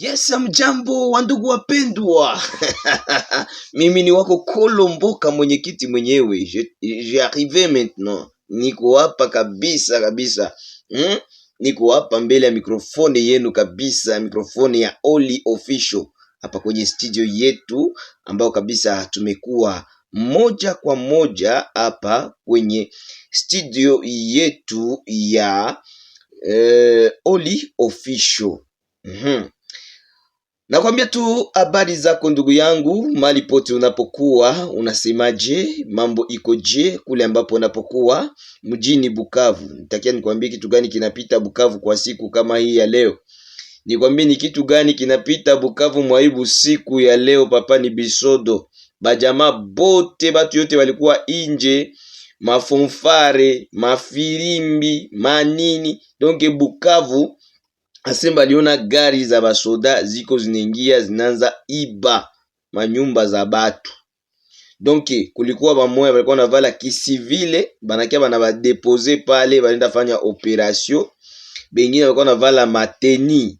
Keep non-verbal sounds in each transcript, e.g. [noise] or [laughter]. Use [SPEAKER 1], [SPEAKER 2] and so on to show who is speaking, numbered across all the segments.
[SPEAKER 1] Yes, mjambo wa ndugu wapendwa. [laughs] Mimi ni wako Kolo Mboka, mwenyekiti mwenyewe. Je, je maintenant. Niko hapa kabisa kabisa. Hmm? Niko hapa mbele ya mikrofoni yenu kabisa, mikrofoni ya Oli Official hapa kwenye studio yetu ambayo kabisa tumekuwa moja kwa moja hapa kwenye studio yetu ya eh, Oli Official. Mm -hmm. Nakwambia tu habari zako ndugu yangu, mali pote unapokuwa, unasemaje? Mambo ikoje kule ambapo unapokuwa mjini Bukavu? Nitakia nikwambie kitu gani kinapita Bukavu kwa siku kama hii ya leo, nikwambie ni kitu gani kinapita Bukavu mwaibu siku ya leo. Papa ni bisodo, bajamaa bote, batu yote walikuwa inje, mafumfare mafirimbi manini donke Bukavu Asemba aliona gari za basoda ziko zinaingia zinaanza iba manyumba za batu. Donc kulikuwa bamoya balikuwa navala kisivile banakia bana badepose pale banaenda fanya operation. Bengine balikuwa navala mateni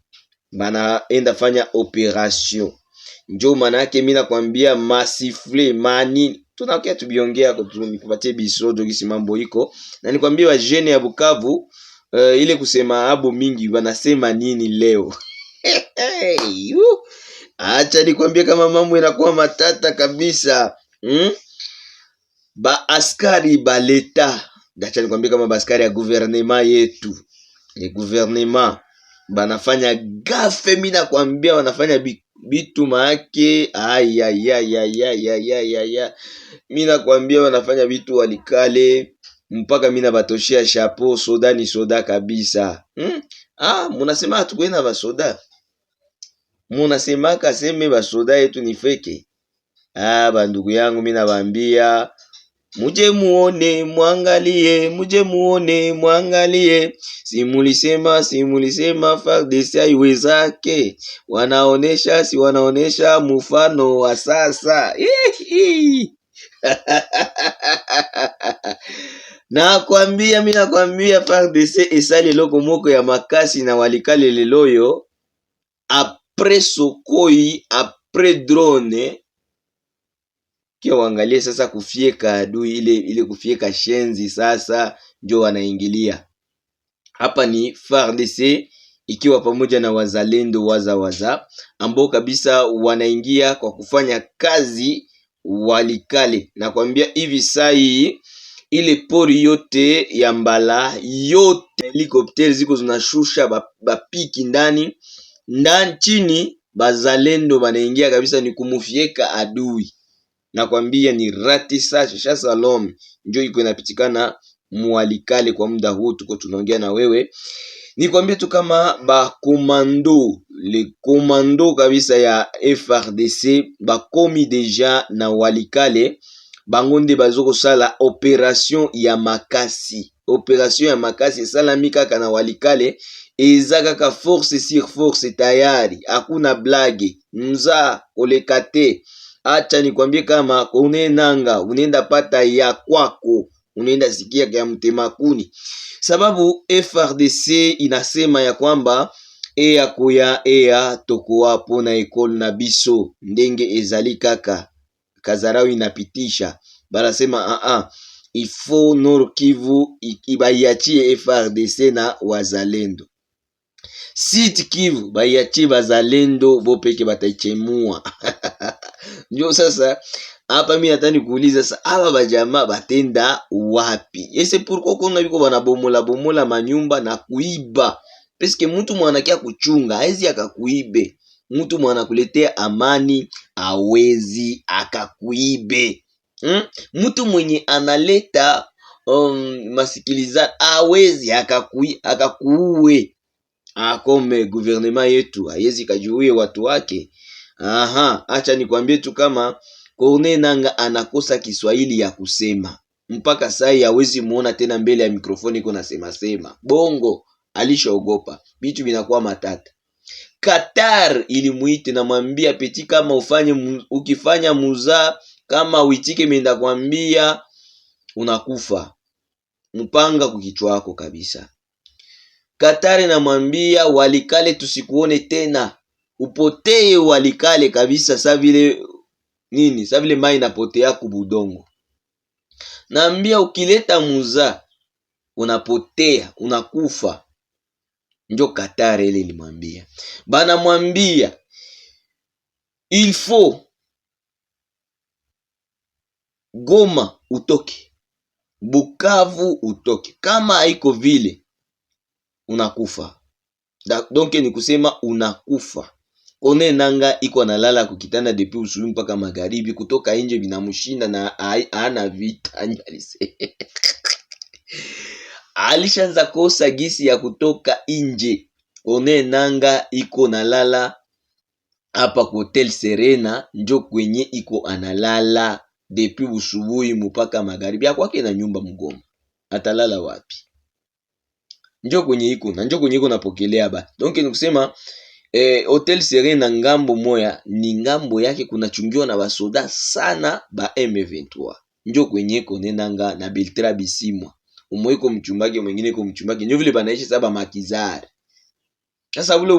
[SPEAKER 1] banaenda fanya operation. Njo maana yake nakwambia masifle mani tunakia tubiongea kutupatie bisodo gisi mambo iko na nikwambie wa ya Bukavu uh, ile kusema abo mingi wanasema nini leo [laughs] acha nikwambie kama mambo inakuwa matata kabisa hmm? baaskari baleta acha nikwambie kama baaskari ya guvernema yetu e guvernema banafanya gafe, mimi nakwambia, wanafanya bitu maake. Ayayayayayayaya, mimi nakwambia, wanafanya bitu walikale mpaka mina ya chapeau, soda ni soda kabisa hmm? Ah, munasema hatukwenda basoda, munasema kaseme basoda yetu ni feke. Ah, bandugu yangu mina bambia Muje muone mwangalie, muje muone mwangalie, simulisema simulisema, FARDC haiwezake, wanaonesha si wanaonesha mfano wa sasa [laughs] Nakwambia, mi nakwambia, FARDC esali eloko moko ya makasi na walikale leloyo oyo sokoi apres drone kia wangalie sasa kufieka adui ile, ile kufieka shenzi sasa njo wanaingilia hapa. Ni FARDC ikiwa pamoja na wazalendo waza waza ambao kabisa wanaingia kwa kufanya kazi Walikale. Nakwambia hivi saa hii ile pori yote ya Mbala yote helikopteri ziko zinashusha bapiki ndani ndani chini, bazalendo banaingia kabisa, ni kumufyeka adui. Nakwambia ni ratisa shisha salom, njo iko inapitikana mwalikale kwa muda huu, tuko tunaongea na wewe nikwambie tu kama bakomando le komando kabisa ya FRDC bakomi deja na Walikale bango nde bazokosala operation ya makasi operation ya makasi esalami kaka na walikale eza kaka force sur force tayari hakuna blage mza koleka te acha nikwambie kama kunenanga unaenda pata ya kwako unaenda sikia ya mtema kuni sababu FRDC inasema ya kwamba eya koya eya tokowa mpona ekole na biso ndenge ezali kaka Kazarau inapitisha, banasema a ah, ah, ifo Nord Kivu baiachie FRDC na wazalendo, Sud Kivu baiachie wazalendo bopeke bataichemua. [laughs] Ndio sasa hapa mimi hata nikuuliza sasa, aba bajama batenda wapi? Ese pourquoi kuna biko banabomola bomola manyumba na kuiba peske mutu mwanakia kuchunga aezi akakuibe mtu mwanakuletea amani awezi akakuibe hmm? mtu mwenye analeta um, masikilizano awezi akakui, akakuue akome guvernema yetu ayezi kajuie watu wake aha acha nikwambie tu kama Kone Nanga anakosa Kiswahili ya kusema mpaka sai awezi muona tena mbele ya mikrofoni iko nasemasema sema. Bongo alishaogopa, vitu vinakuwa matata. Qatar na mwambia Peti, kama ufanye ukifanya muzaa kama uitike menda kwambia unakufa mpanga kukichwa wako kabisa. na namwambia walikale, tusikuone tena, upotee walikale kabisa, savile nini, sa vile mai napotea kubudongo. Naambia ukileta muza unapotea, unakufa njo katare ile ilimwambia, banamwambia il faut Goma utoke, Bukavu utoke, kama haiko vile unakufa. Donc ni kusema unakufa Kone nanga iko analala kukitanda depi usubu mpaka magharibi, kutoka nje binamshinda na ana vita [laughs] alishanza kosa gisi ya kutoka inje. One nanga iko nalala hapa ku Hotel Serena, njo kwenye iko analala depi usubuhi mpaka magharibi. Akwake na nyumba Mgoma, atalala wapi? Njo kwenye iko na njo kwenye iko napokelea ba donc ni kusema eh, Hotel Serena ngambo moya ni ngambo yake kunachungiwa na basoda sana ba M23, njo kwenye iko nenanga na Beltra Bisimwa umwe iko mchumbake mwingine iko mchumbake nyo vile banaishi saba makizari. Sasa ule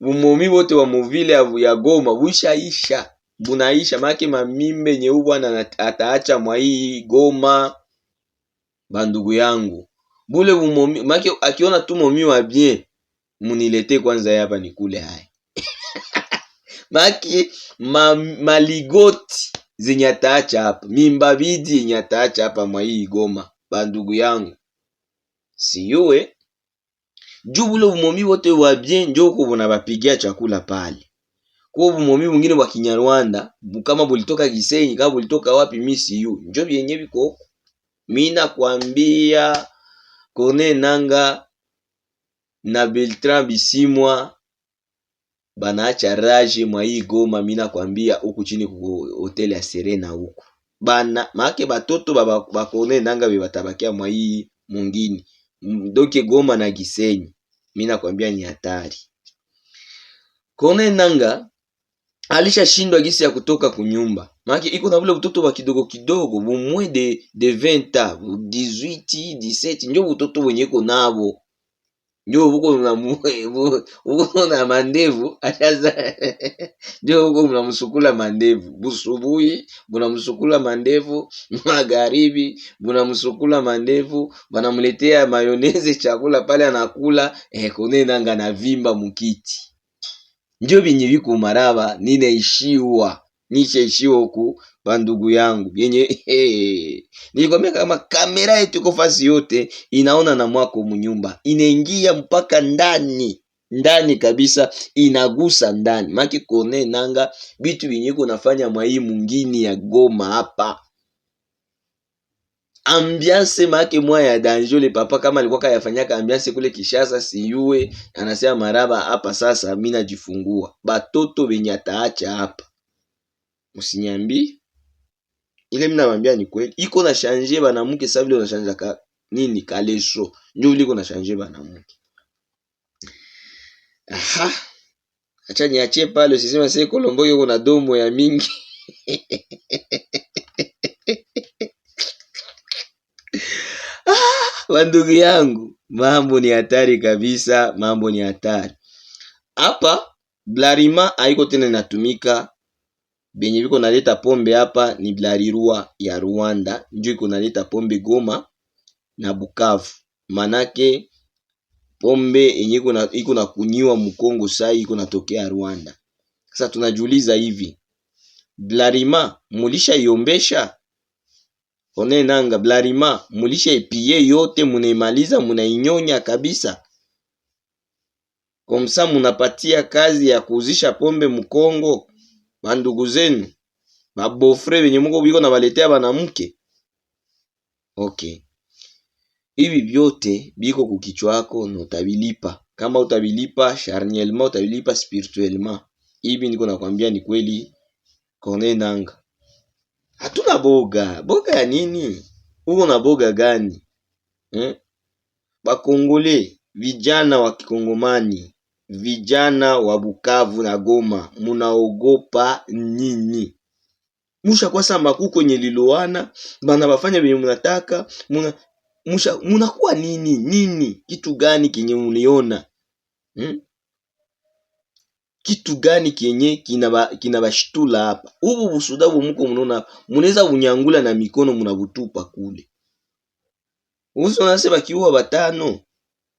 [SPEAKER 1] umomi wote wa muvile ya Goma ushaisha bunaisha make mamimbe nyeu bwana ataacha mwa hii Goma, bandugu yangu bule umomi make akiona tu momi wa bien munilete kwanza hapa ni kule haya [laughs] make ma, maligoti zenye ataacha hapa mimba bidi yenye ataacha hapa mwa hii Goma bandugu yangu siyowe juu bule bumomi bote bwa bien njoko bona bapigia chakula pale kwa bumomi bungine bwa Kinyarwanda kama bulitoka Gisenyi kama bulitoka wapi, mi siyo njo byenye biko mina kwambia Corne Nanga na Beltran Bisimwa banaacha rage mwa hii Goma. Mina kwambia huku chini ku ya Serena huku bana make batoto bakonenanga bebatabakia mwa hii mungini doke Goma na Gisenyi, mi nakwambia ni hatari. Corneille Nangaa alishashindwa gisi ya kutoka kunyumba, make iko na vile butoto ba kidogo kidogo bumwe de de 20 ans 18 17 njo butoto bwenye iko nabo Njoo huko mnamuue [laughs] huko na mandevu [laughs] ashaza. Njoo huko mnamsukula mandevu busubuhi, mnamsukula mandevu [laughs] magharibi, mnamsukula mandevu, wanamletea mayoneze chakula pale anakula eh, kone na vimba mukiti. Njoo binyi viku maraba ninaishiwa nishaishiwa huku bandugu yangu yenye Nilikwambia kama kamera yetu iko fasi yote, inaona na mwako munyumba, inaingia mpaka ndani ndani kabisa, inagusa ndani maki kone nanga bitu binyiko nafanya mwai mungini ya Goma hapa ambiance make mwa ya le papa kama alikuwa kayafanyaka ambiance kule Kishasa, siyue anasema maraba hapa sasa, mimi najifungua batoto benye ataacha hapa, msinyambi ile mimi nawaambia ni kweli, iko na shanje banamuke sasa vile unashanja ka nini kalesho, ndio ile iko na shanje banamuke. Aha, acha niache pale, usisema sasa Kolombo yuko na domo ya mingi [laughs] ah, Wandugu yangu, mambo ni hatari kabisa, mambo ni hatari hapa. Blarima haiko tena inatumika benye biko naleta pombe hapa ni Blarirua ya Rwanda njo iko naleta pombe Goma na Bukavu. Manake pombe yenye iko na kunyiwa Mkongo sai iko natokea Rwanda. Sasa tunajiuliza hivi, Blarima iombesha one nanga Blarima mulisha ipie yote, munaimaliza munainyonya kabisa komsa, munapatia kazi ya kuuzisha pombe Mkongo bandugu zenu babofre benye muko biko na waletea banamuke okay. Hivi vyote biko kukichwa yako na utabilipa, kama utabilipa charnellement, utabilipa spirituellement. Hivi niko nakwambia ni kweli, kone Nangaa, hatuna boga boga ya nini? Uko na boga gani eh? Bakongole vijana wa Kikongomani Vijana wa Bukavu na Goma, munaogopa nini? mushakwasa makuu kwenye lilowana bana bafanya venye munataka muna, musha, munakuwa nini nini? Kitu gani kenye muliona hmm? Kitu gani kenye kinabashitula kina hapa? Ubu busuda bumuko munaona, muneza bunyangula na mikono munabutupa kule, usi wanasema kiua batano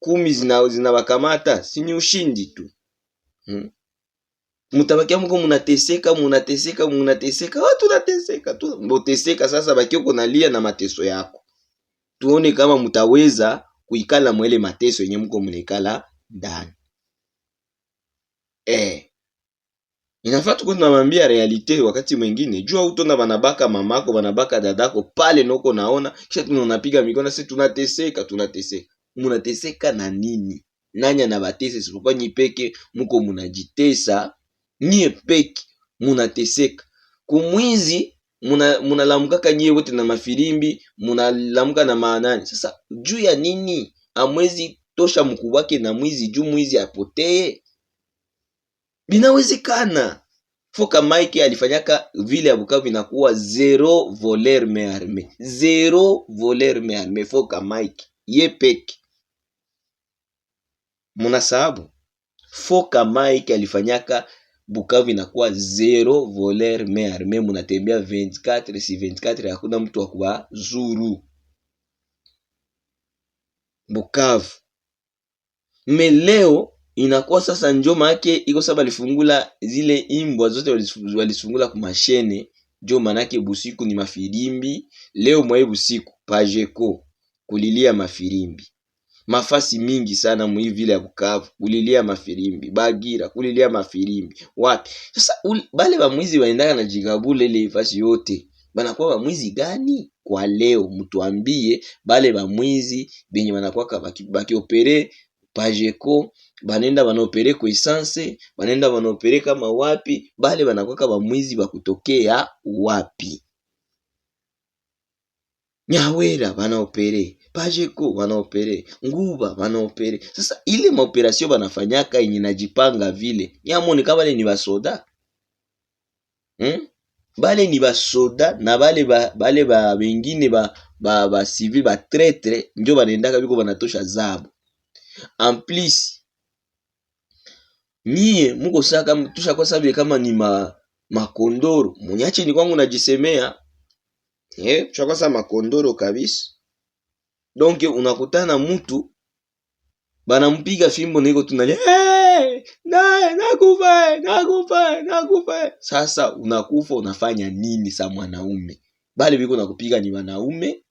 [SPEAKER 1] kumi zinawakamata, si ni ushindi tu hmm? Mutabakia mko munateseka munateseka munateseka, watu nateseka tu mboteseka. Sasa bakio kunalia na mateso yako, tuone kama mutaweza kuikala mwele mateso yenye mko munaikala ndani eh. Inafaa tuko tunamwambia realite wakati mwingine, jua uto na banabaka mamako banabaka dadako pale noko naona, kisha tunapiga mikono, sisi tunateseka tunateseka munateseka na nini? Nani anabatesa isipokuwa nyi peke muko munajitesa, nyie peke munateseka. Kumwizi munalamukaka muna nyie wote na mafirimbi munalamuka na maanani. Sasa juu ya nini amwezi tosha mkubwake na mwizi juu mwizi apotee? Binawezekana. Foka Mike alifanyaka vile ya Bukavu inakuwa zero voler arme, zero voler arme Foka Mike peke munasabu foka Mike alifanyaka Bukavu inakuwa zero voler me munatembea 24 si 24, hakuna mtu wa zuru Bukavu. Me leo inakuwa sasa, njo maake iko saba alifungula zile imbwa zote walifungula kumashene, njo manake busiku ni mafirimbi leo mwaye busiku pajeko kulilia mafirimbi mafasi mingi sana mwi vile ya Bukavu, kulilia mafirimbi Bagira, kulilia mafirimbi wapi. Sasa bale bamwizi waendaka na jigabule ile fasi yote banakuwa bamwizi gani? Kwa leo mtuambie, bale bamwizi benye banakuwa bakiopere Pajeko banenda banaopere ku essence, banenda banaopere kama wapi? Bale banakuwa bamwizi bakutokea wapi? nyawera wanaopere pajeko wanaopere nguva wanaopere sasa ile maoperasio banafanyaka yenye najipanga vile nyamoneka bale ni basoda hmm? bale ni basoda na bale ba, bale ba bengine ba, ba, ba civil batretre njo banaendaka biko banatosha zabu plus mie muko saka vile kama ni ma, makondoro munyache ni kwangu najisemea eh, makondoro kabisa. Donke unakutana mutu banampiga fimbo niko tunalia hey, nakufa nakufa nakufa. Sasa unakufa unafanya nini? Sa mwanaume bali biko nakupiga ni wanaume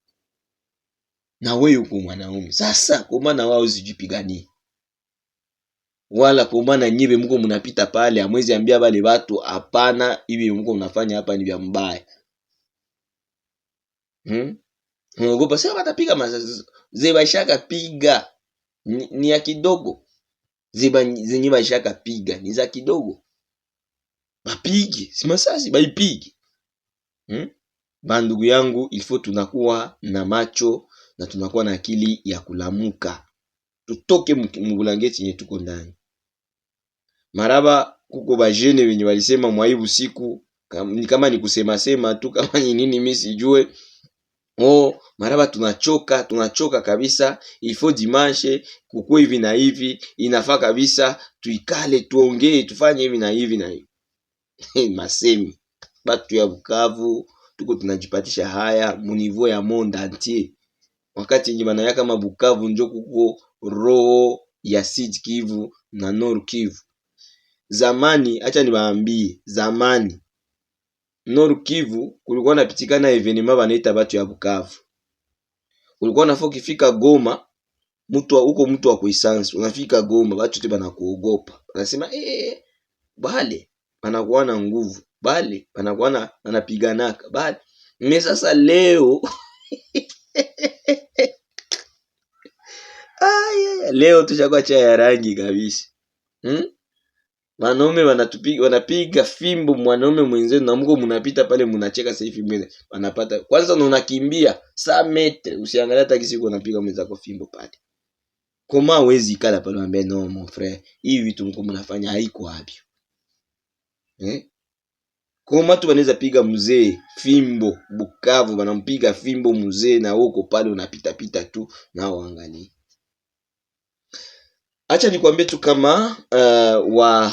[SPEAKER 1] na wewe uko mwanaume. Sasa kwa maana wao sijipigani wala kwa maana nyibe mko mnapita pale, amwezi ambia bale batu hapana, hivi mko mnafanya hapa ni vya mbaya hmm? Unaogopa sio watapiga masasi zeba ishaka piga ni, ni ya kidogo ziba zenye baishaka piga ni za kidogo, bapige si masasi baipige hmm? Bandugu yangu ilifo, tunakuwa na macho na tunakuwa na akili ya kulamuka, tutoke mubulangeti yenye tuko ndani maraba. Kuko bajene wenye walisema mwaibu siku kama ni kusema sema tu kama ni nini mimi sijue oh, maraba tunachoka, tunachoka kabisa, ifo dimanche kuko hivi na hivi, inafaa kabisa tuikale, tuongee, tufanye hivi na hivi na hivi. Masemi batu ya Bukavu tuko tunajipatisha haya munivo ya monde entier, wakati yenye banaya kama Bukavu njo kuko roho ya Sud Kivu na Nord Kivu. Zamani acha niwaambie, zamani Nord Kivu kulikuwa napitikana evenema banaita batu ya Bukavu. Ulikuwa nafo kifika Goma mtu huko mtu wa kuisansi unafika Goma batu te banakuogopa, banasema ee, eh, eh, eh, bale banakuwa na nguvu bale banakuwa na banapiganaka bale me sasa leo [laughs] leo tushakuwa chai ya rangi kabisa hmm? Wanaume wanatupiga wanapiga fimbo mwanaume mwenzenu na mko mnapita pale mnacheka sasa hivi mwenye Wanapata kwanza na unakimbia saa metre usiangalia hata kisi unapiga mwenzako fimbo pale. Koma wezi kala pale mwambie no mon frère, Hii vitu mko mnafanya haiko wapi. Eh? Koma tu wanaweza piga mzee fimbo Bukavu wanampiga fimbo mzee na huko pale unapita pita tu na waangalie. Acha nikwambie tu kama uh, wa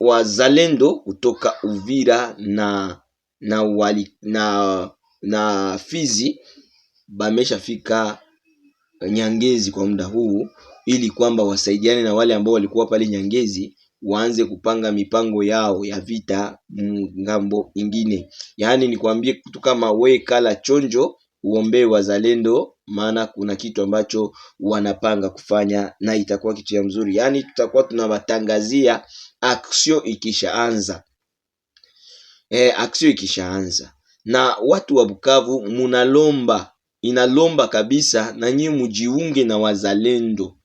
[SPEAKER 1] wazalendo kutoka Uvira na, na, wali, na, na Fizi bameshafika Nyangezi kwa muda huu, ili kwamba wasaidiane na wale ambao walikuwa pale Nyangezi waanze kupanga mipango yao ya vita ngambo ingine. Yaani nikwambie kitu kama we kala chonjo, uombee wazalendo maana kuna kitu ambacho wanapanga kufanya na itakuwa kitu ya mzuri, yaani tutakuwa tunawatangazia aksio ikishaanza. E, aksio ikishaanza na watu wa Bukavu munalomba, inalomba kabisa na nyie mujiunge na wazalendo,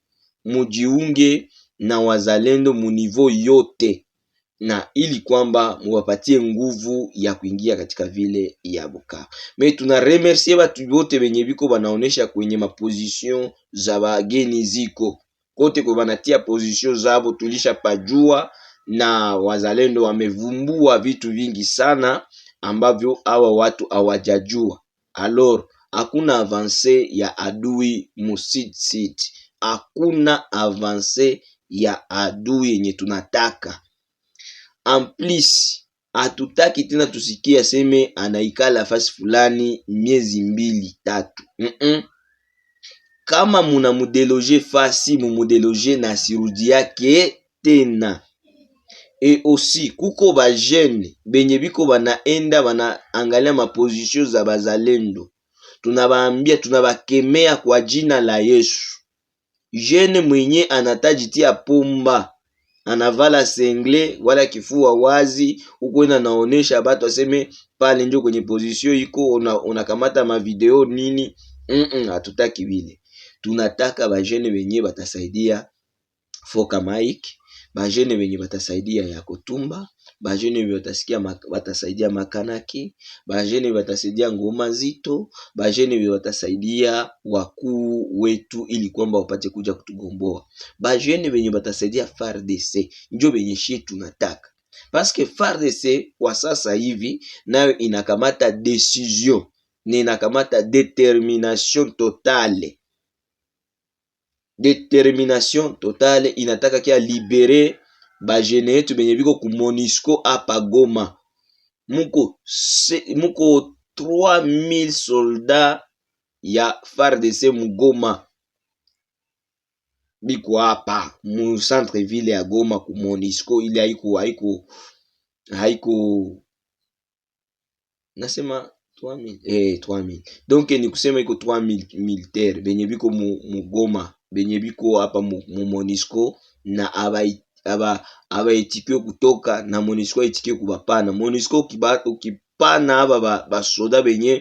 [SPEAKER 1] mujiunge na wazalendo munivou yote na ili kwamba muwapatie nguvu ya kuingia katika vile ya Bukavu. Me tuna remercie batu bote benye biko banaonesha kwenye maposition za bageni ziko kote kwa banatia position zabo, tulisha pajua na wazalendo wamevumbua vitu vingi sana ambavyo awa watu awajajua Alor, hakuna avanse ya adui musidsiti, hakuna avanse ya adui yenye tunataka amplis hatutaki tena tusikie aseme anaikala fasi fulani miezi mbili tatu. Mm -mm. Kama munamudeloge fasi mumudeloge na asirudi yake tena. E osi kuko bajene benye biko banaenda banaangalia mapozisio za bazalendo, tunabaambia tunabakemea kwa jina la Yesu. Jene mwenye anatajitia pomba anavala sengle wala kifua wazi, huko ina naonesha bato aseme pale njo kwenye position iko unakamata una mavideo nini. mm mm hatutaki vile tunataka bajene wenye batasaidia foka mike, bajene wenye batasaidia ya kutumba bajeni batasaidia makanaki, bajeni batasaidia ngoma nzito, bajeni batasaidia wakuu wetu ili kwamba wapate kuja kutugomboa. Bajeni benye batasaidia FARDC njo benye shi tunataka, paske FARDC kwa sasa hivi nayo inakamata decision ni inakamata determination totale, determination totale inataka kia libere bageneyetu benye biko ku monisco hapa goma muko, se, muko 3000 soldat ya FARDC mugoma biko apa mu centre ville ya Goma ku Monisco ili haiko haiko haiko nasema 3000 eh 3000 donc ni kusema iko 3000 militaire benye biko mu, mu Goma benye biko hapa mu, mu Monisco na abai aba abaetikiwe kutoka na MONUSCO aetikiwe kubapana. MONUSCO ukipana aba basoda benye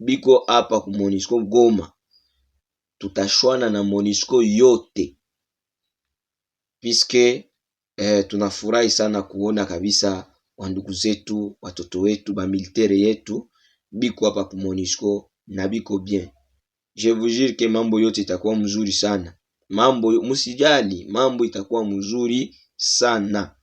[SPEAKER 1] biko hapa ku MONUSCO Goma, tutashwana na MONUSCO yote piske eh, tunafurahi sana kuona kabisa wandugu zetu watoto wetu bamilitere yetu biko hapa ku MONUSCO na biko bien. Je vous jure que mambo yote itakuwa mzuri sana. Mambo msijali, mambo itakuwa mzuri sana.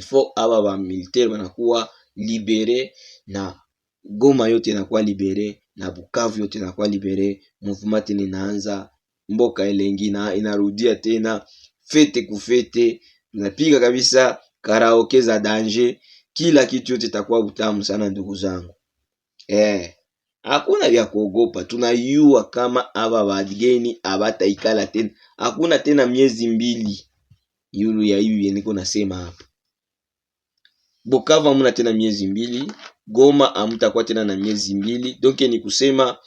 [SPEAKER 1] faut aba ba militaire banakuwa libere na Goma yote inakuwa libere na Bukavu yote inakuwa libere. mouvement tena inaanza mboka elengi na inarudia tena fete kufete, napiga kabisa karaoke za danger, kila kitu yote itakuwa butamu sana ndugu zangu eh. Hakuna vya kuogopa, tunayua kama aba wageni abataikala tena, hakuna tena miezi mbili yulu ya hiyo yeniko nasema hapa. Bukavu hamuna tena miezi mbili, Goma hamutakuwa tena na miezi mbili. donke ni kusema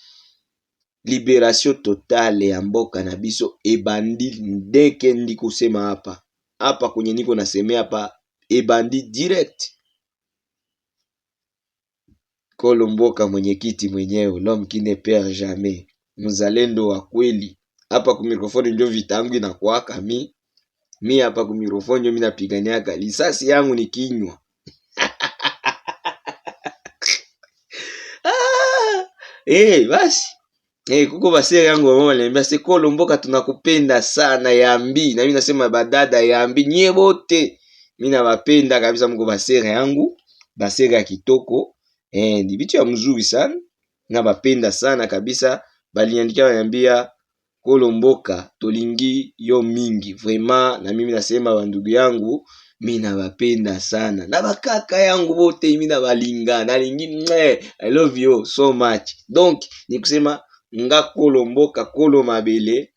[SPEAKER 1] liberation totale ya mboka na biso ebandi ndeke, ndi kusema hapa hapa kwenye niko nasemea hapa ebandi direct. Kolomboka mwenyekiti mwenyewe l'homme qui ne jamais, mzalendo wa kweli hapa ku mikrofoni ndio vitangu inakuwaka mi mi hapa kumirofonjo mi napiganiaka lisasi yangu ni kinywa [laughs] ah, hey, eh, basi hey, eh, kuko basere yangu wamo wananiambia sekolo mboka tunakupenda sana yambi na mi nasema badada yambi nyie bote mi nawapenda kabisa mko basere yangu basere ya kitoko eh, ni bitu ya mzuri sana nabapenda sana kabisa baliniandikia wananiambia kolo mboka tolingi yo mingi vraiment na mimi nasema bandugu yangu mi nawapenda sana na bakaka yangu bote mi nabalinga nalingi mwe i love you so much donc ni kusema nga kolo mboka kolo mabele